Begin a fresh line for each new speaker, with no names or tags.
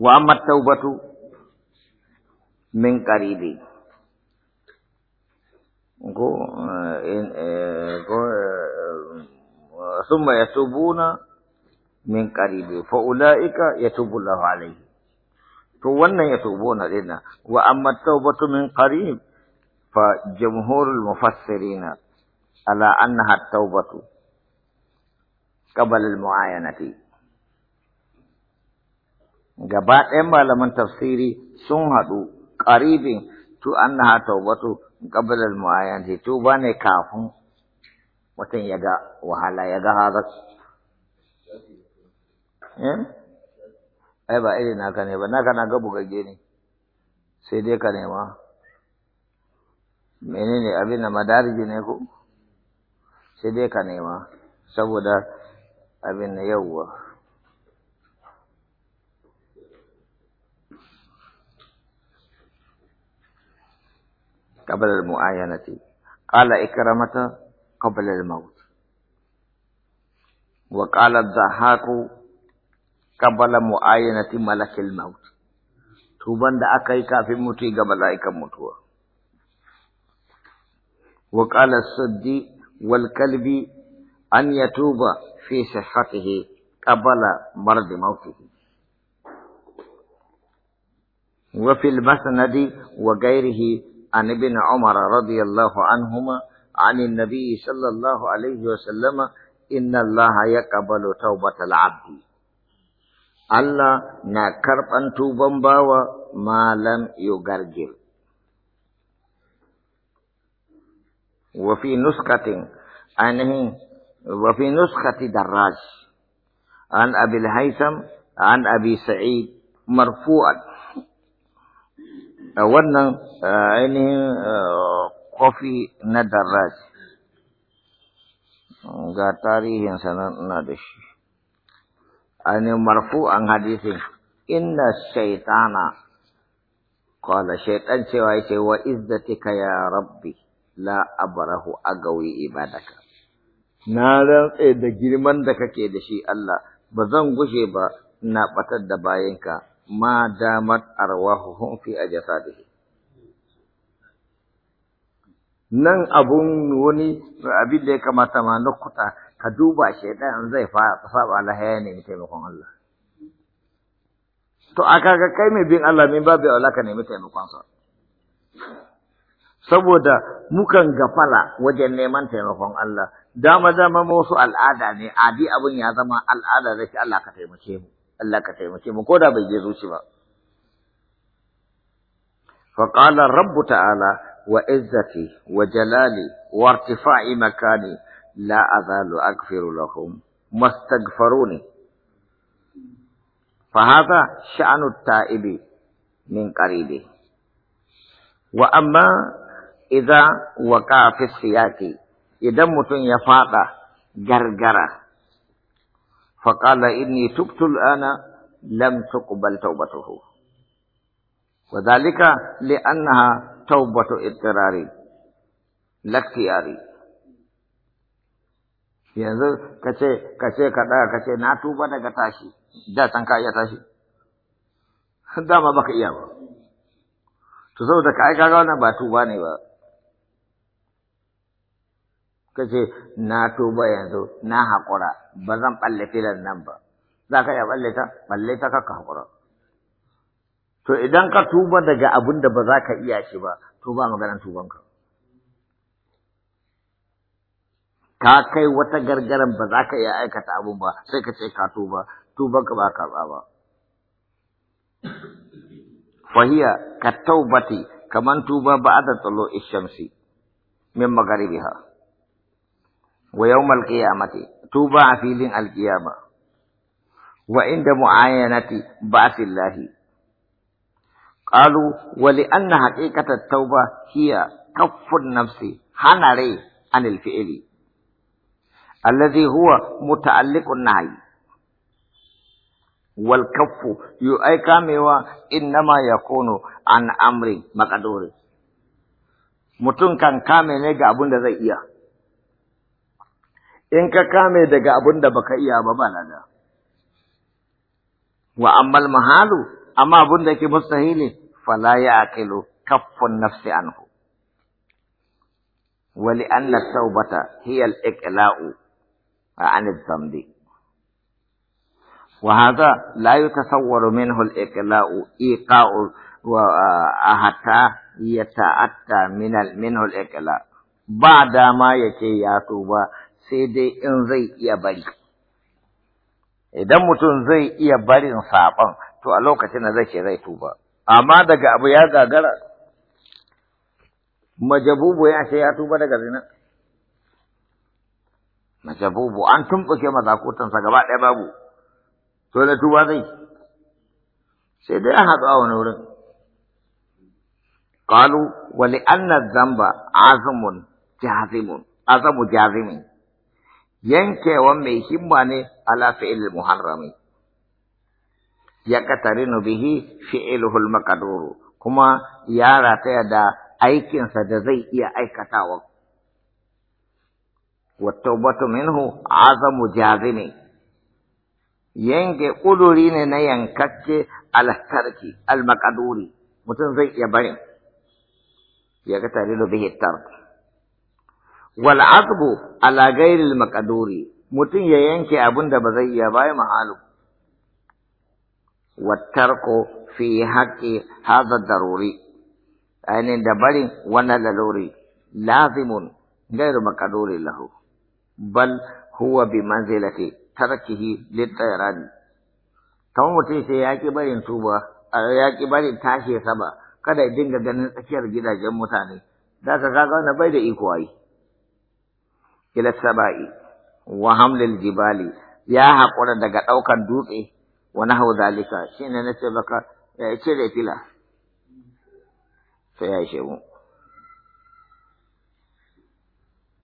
وأما التوبة من قريب ثم يتوبون من قريب فأولئك يتوب الله عليه to wannan ya tubo na dina wa amma taubatu min qarib fa jumhurul mufassirin ala annaha taubatu qabla al muayanati gaba ɗayan malaman tafsiri sun haɗu ƙaribin tu na tawbatu qabla ƙabilar muayyan ba ne kafin mutum ya ga wahala ya ga haza eh? ai ba irin naka ne ba naka na ga bugagge ne sai dai ka nema menene abin da madariji ne ku? sai dai ka nema saboda abin da yawwa قبل المعاينة قال إكرمة قبل الموت وقال الضحاك قبل معاينة ملك الموت توبان دا أكاي كافي موتي قبل أيكا موتوا وقال الصدي والكلبي أن يتوب في صحته قبل مرض موته وفي المسند وغيره عن ابن عمر رضي الله عنهما عن النبي صلى الله عليه وسلم إن الله يقبل توبة العبد الله نا أن توبا باوا ما لم يغرجل وفي نسخة عن وفي نسخة دراج عن أبي الهيثم عن أبي سعيد مرفوعا wannan eh, ainihin eh, kofi na daraj ga tarihin sanar na da shi ainihin an hadisin inna shaitana qala shaitan cewa ce wa izzatika ya rabbi la a gawi ibadaka na rantse da girman da kake da shi Allah ba zan gushe ba na batar da bayanka ma damat arwahuhum fi shi. nan abun wani abin da ya kamata ma nukuta ka duba shaidan zai fa saba lahaya ne taimakon Allah to aka ga kai mai bin Allah min babu Allah ka nemi taimakon sa saboda mukan gafala wajen neman taimakon Allah dama dama wasu al'ada ne adi abun ya zama al'ada zai Allah ka taimake mu Allah ka taimake mu ko da bai je فقال الرب تعالى وعزتي وجلالي وارتفاع مكاني لا أزال أغفر لهم ما استغفروني فهذا شأن التائب من قريبه وأما إذا وقع في السياق إذا متن يفاق جرجره فقال إني تبت الآن لم تقبل توبته وذلك لأنها توبة اضطراري لا اختياري yanzu ka ce ka ce ka ɗaga ka ce na tuba daga tashi da san ka iya tashi dama baka iya ba to saboda ka aika ga wannan ba tuba ne ba ka ce na tuba yanzu na haƙura ba zan ɓalle filan nan ba za ka iya ɓalle ta ɓalle ta ka haƙura to idan ka tuba daga abin da ba za ka iya shi ba to ba maganar tubanka ka kai wata gargaran ba za ka iya aikata abun ba sai ka ce ka tuba tubanka ba ka ba fahiya ka taubati kaman tuba ba'da tulu ishamsi min magharibiha ويوم القيامة توبى لين القيامة وعند معاينة بأس الله قالوا ولأن حقيقة التوبة هي كف النفس حنري عن الفعل الذي هو متعلق النهي والكف يؤيكاموا إنما يكون عن أمر مقدور كان كامل نجا أبونا زي إياه in ka kame daga abin da baka iya ba ba lada wa ammal mahalu amma abin da yake mustahili fala ya aqilu kaffun nafsi anhu wa li anna tawbata hiya al-iqla'u an dhanbi wa hadha la yatasawwaru minhu al-iqla'u iqa'u wa ahata yata'atta min minhu al-iqla' ba dama yake ya tuba sai dai in zai iya bari. Idan mutum zai iya barin saɓon, to a lokacin da zai ce zai tuba. Amma daga abu ya gagara, majabubu ya ce ya tuba daga zina. Majabubu an tumɓuke mazakotansa gaba ɗaya babu, to da tuba zai. Sai dai an haɗu a wani wurin. wali annar zamba azumun jazimun, عظم jazimun. yankewan mai himma ne ala fi'il muharrami ya katarinu bihi fi'iluhul makaduru kuma ya rataya da aikinsa da zai iya aikatawa wa tawbatu minhu azamu jazimi yanke ƙuduri ne na yankakke al almakaduri mutum zai iya barin ya katarinu bihi tarki wal azbu ala al maqduri mutum ya yanke abin da ba zai iya bai mahalu wattarko fi haqqi hadha daruri ainin da bari wannan daruri lazimun ghairu maqduri lahu bal huwa bi manzilati tarkihi lit-tayran kamar mutum sai ya ki barin tuba ya ki barin tashi sama kada ya dinga ganin tsakiyar gidajen mutane za ka kaga wannan bai da iko ai ila saba'i wa hamlil jibali ya haƙura daga ɗaukar dutse wa nahu zalika shine nace baka ya ce da fila sai ya shemu